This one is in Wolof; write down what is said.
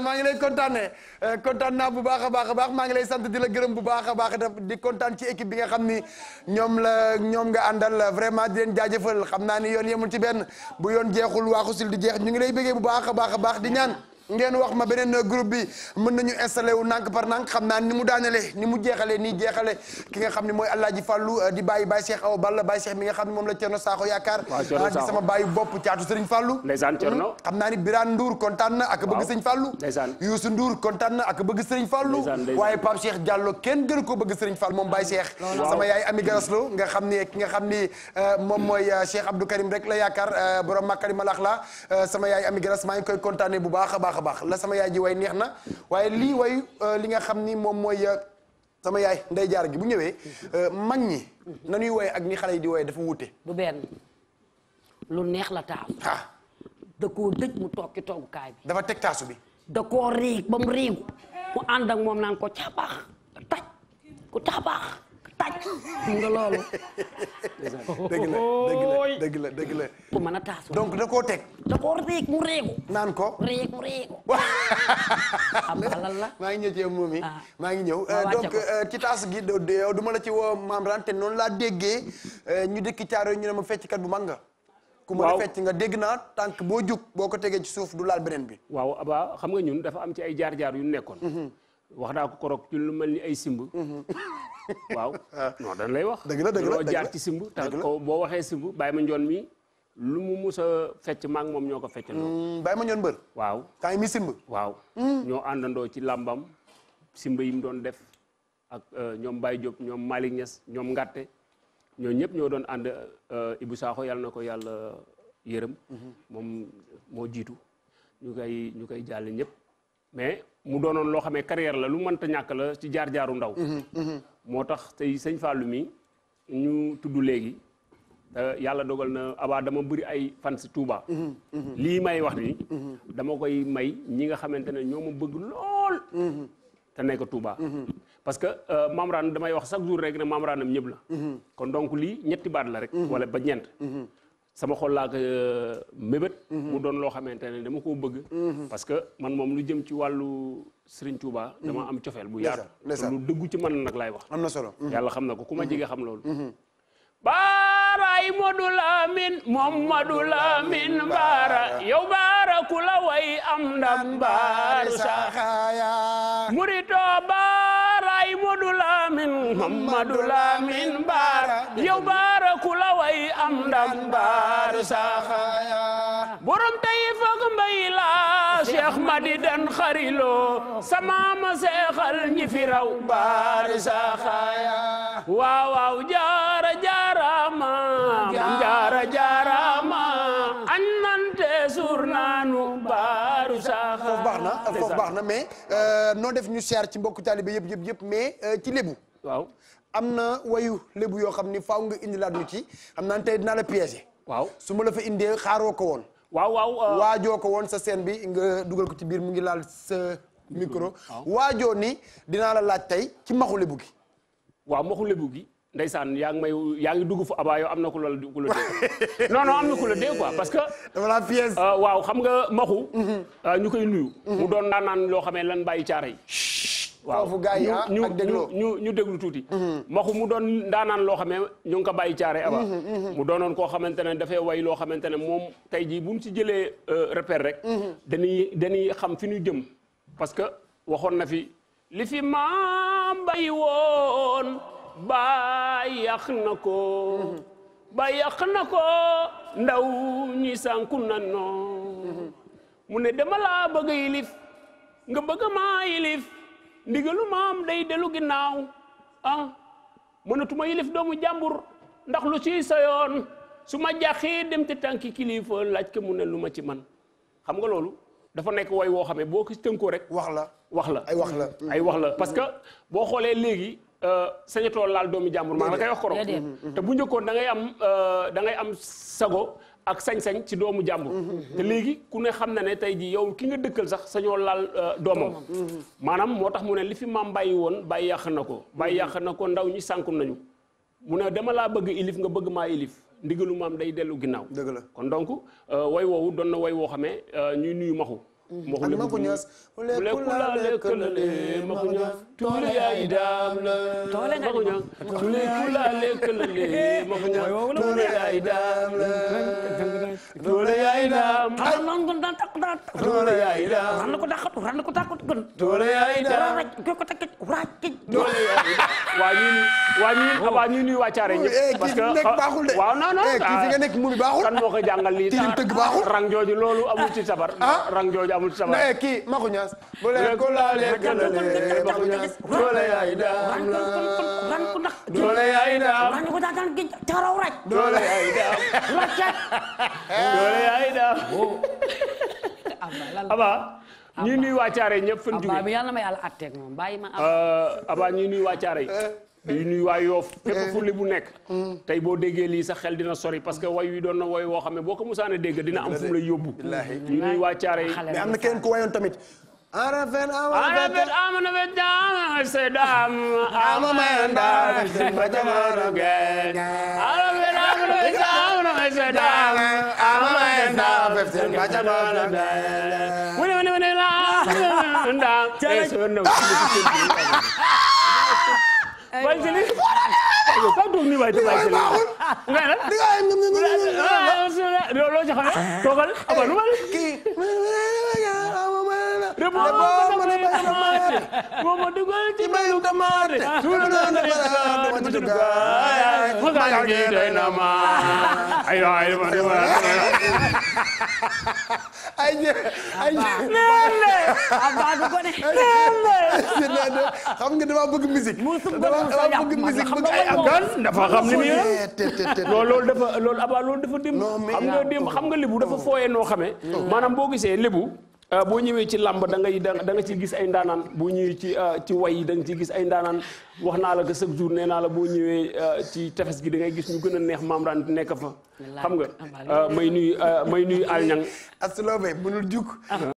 maa ngi lay kontaane eh, kontaan naa bu baax a baax a baax maa ngi lay sant di la gërëm bu baax a baax di kontaan ci équipe bi nga xam ni ñoom la ñoom nga àndal vraiment di leen xam naa ni yoon yemu ci benn bu yoon jeexul waaxu sil di jeex ñu ngi lay bëggee bu baax a baax a baax di ñaan ngeen wax ma beneen group bi mën nañu installé wu nànk par nànk xam naa ni mu daanale ni mu jeexale ni jeexale ki nga xam ne mooy Alaaji Fàllu uh, di bàyyi Baye Cheikh Awa Balla Baye Cheikh nga xam ne moom la Cerno Saaxo yaakaar di sama bàyyi bopp caatu Sëriñ Fàllu ndeysaan Cerno hmm? xam naa ni Birane Ndour ak bëgg Sëriñ Fàllu Youssou kontaan ak bëgg Sëriñ Fàllu waaye Pape Cheikh Diallo kenn gën ko bëgg Sëriñ moom Baye Cheikh sama yaay nga xam ne ki nga xam ni uh, moom mooy uh, Cheikh Abdou Karim rek la yaakaar borom Makarimal Axlaq la sama yaay Ami Garas maa ngi koy kontaane bu baax a baax baax la sama yaay ji way neex na waaye lii way euh, li nga xam ni moom mooy euh, sama yaay nday jaar gi bu ñëwee euh, mag ñi nañuy woy ak ni xale yi di woy dafa wute du benn lu neex la taal ah da koo dëj mu toog ci toogukaay bi dafa teg taasu bi da koo riig ba mu riigu mu ànd ak moom naan ko caabaax taj ku caabaax sàcc xam nga loolu. dëgg la dëgg la dëgg la ku mën a taasu. donc da koo teg. da koo réeg mu réegu. naan ko réegu réegu. am alal la. maa ngi ñëw ci yow moom yi ah. maa ngi ñëw euh, donc euh, ci taas gi yow du ma la ci woo maam ran te noonu laa déggee euh, ñu dëkk caaro ñu ne ma fecckat bu mag nga. ku mën a fecc nga dégg naa tànk boo jug boo ko tegee ci suuf du laal beneen bi. waaw aba xam nga ñun dafa am ci ay jaar-jaar yu nekkoon. Mhm. wax naa ko korok ci lu mel ni ay simb. Mhm. waaw non dañ lay wax. dëgg la dëgg jaar ci simb. dëgg ko boo waxee simb Baye Mandione mi lu mu musa a fecc maa moom ñoo ko feccandoo. Mm, Baye Mandione mbër. waaw temps yi mi simb. waaw mm. ñoo àndandoo ci làmbam simb yi mu doon def ak euh, ñoom Baye Diop ñoom Malick Niass ñoom Ngatte ñoo ñëpp ñoo doon ànd euh, Ibou Sakho yàlla na ko yàlla yërëm. Mm-hmm. moom moo jiitu ñu koy ñu koy jàll ñëpp. mais mu doonoon loo xamee carrière la lu mënta ñàkk la ci jaar-jaaru ndaw mhm, mhm. moo tax tey sëñ Fallou mi ñu tudd léegi yàlla dogal na abaa dama bëri ay fan si Touba mhm, lii may wax ni dama koy may ñi nga xamante ne ñoo ma bëgg lool te nekk Touba parce que euh, mamraan damay wax chaque jour rek ne mamraanam ñëpp la kon donc lii ñetti baat la rek wala ba ñeent sama xol laa ko euh, mébét mhm. mu doon loo xamante ne dama koo bëgg mhm. parce que man moom lu jëm ci wàllu Serigne Touba dama mhm. am cofeel bu yaatu lu dëggu ci man nag laay wax am na solo yàlla xam na ko ku ma jege xam loolu baaraay Modou Lamine moom Modou Lamine baara yow baara ku la way am ndam baar sax muritoo baar way Modu Lamin Mamadu Lamin baara sama ma seexal ñi fi raw baara saxaaya waaw jaara jaara Ah, foofu baax na mais euh, noo def ñu seer ci mbokku taalibe yëpp yëpp yëpp mais euh, ci lébu waaw am na wayu lébu yoo xam ni faaw nga indilaat ñu ci am naan tey dinaa la piégé waaw su ma la fa indee xaaroo ko woon waaw waaw euh. waajoo ko woon sa scène bi nga dugal ko ci biir mu ngi laal sa micro waajoo ni dinaa la laaj tey ci maxu lébu gi waaw maxu lébu gi ndeysaan yaa ngi may yaa ngi dugg fu abaa yow am na ku la ku la dee non la dee quoi parce que dama la euh, waaw xam nga maxu mhm. euh, ñu koy nuyu mhm. mu doon naan naan loo xamee lan bàyyi caara ah, ñu ñu ñu tuuti mhm. maxu mu doon ndaanaan loo xamee ñu ngi ko bàyyi caare aba mu doonoon koo xamante ne dafay way loo xamante ne moom tey jii bu ñu si jëlee euh, repère rek dañuy dañuy xam fi ñuy jëm parce que waxoon na fi li fi maam bay woon ba yàq na ko ba yàq na ko ndaw ñi sànku nan noo mu ne dama laa bëgg yilif nga bëgg maa yilif ndigalu maam day dellu ginnaaw ah mënatuma yilif doomu jàmbur ndax lu ciy sa yoon su ma jaaxee dem te tànki kilifa laaj ko mu ne lu ma ci man xam nga loolu dafa nekk way woo xamee boo ko tënkoo rek wax la wax la ay wax la ay wax la parce que boo xoolee léegi Euh, sañatoo laal doomi jàmbur maa la koy wax koro te bu njëkkoon dangay am euh, da ngay am sago ak sañ-sañ ci doomu jàmbur mm-hmm. Mm-hmm. te léegi ku ne xam ne ne tey ji yow ki nga dëkkal sax sañoo laal euh, doomam mm-hmm. maanaam moo tax mu ne li fi maam bàyyi woon bàyyi yàq na ko bàyyi yàq na ko ndaw ñi sànku nañu mu ne dama laa bëgg ilif nga bëgg maa ilif ndigalu maam day dellu ginnaaw dëgg la kon donc way woowu doon na woy woo xamee ñuy nuyu maxu an makuños lekulale kelele makuños tole yayi damle makuños lekulale kelele makuños tole yayi damle doole yaay daam. xam nga noonu daan takku daan. doole yaay daam. na ko ko dàqat gën. doole yaay ko takk waraaj. doole yaay daam. waa ñuy waa ñuy waa ñuy nuyu waa Caare ñëpp. parce que waaw non non. kii nekk mu baaxul. kan moo ko jàngal lii tam tëgg baaxul. rang jooju loolu amul ci sabar. rang jooju amul ci sabar. kii ma ko ñaas. bu leen ko laalee gëlalee ma doole yaay daam la. doole loolu yaay daal. Aba. ñuy nuyu waa Thiaré ñëpp fan jugee Aba yàlla na ma yàlla àtteeg moom bàyyi ma. ñuy nuyu waa Thiaré. nuyu waa Yoof. fépp fu bu nekk. tey boo déggee lii sa xel dina sori parce que way wi doon na way woo xam ne boo ko musaane dégg dina am fu mu lay yóbbu. ñu nuyu waa Thiaré yi. mais am na keneen ku wayoon tamit. arafet amana be dama sedam amana be dama feftere nga jaɓana wone wone wone la nda esonna bay seli ko dum ni bay bay seli ngala diga ngam ngam ngam lo joxale togal abal wal ki debbo mane ɓayno maare momadou golti ɓayu kamate sunano ɓaraɗomaɗogayaɗoynama ayo aymaɗomaɗoayle abbaɗo gone lelle xam nga dama bëgg musique dama bëgg musique bëgg ay gan dafa xam ni mi non loolu dafa loolu abaa loolu dafa dim xam nga dim xam nga libu dafa fooyee noo xamee maanaam boo gisee libu Euh, boo ñëwee ci làmb da ngay da nga ci gis ay ndaanaan boo ñëwee ci euh, ci way yi da nga ci gis ay ndaanaan wax naa la que chaque jour nee naa la boo ñëwee euh, ci tefes gi da ngay gis ñu gën a neex maamraan di nekk fa xam nga may nuy may nuy alñang asuloo bay mënul jukk ah.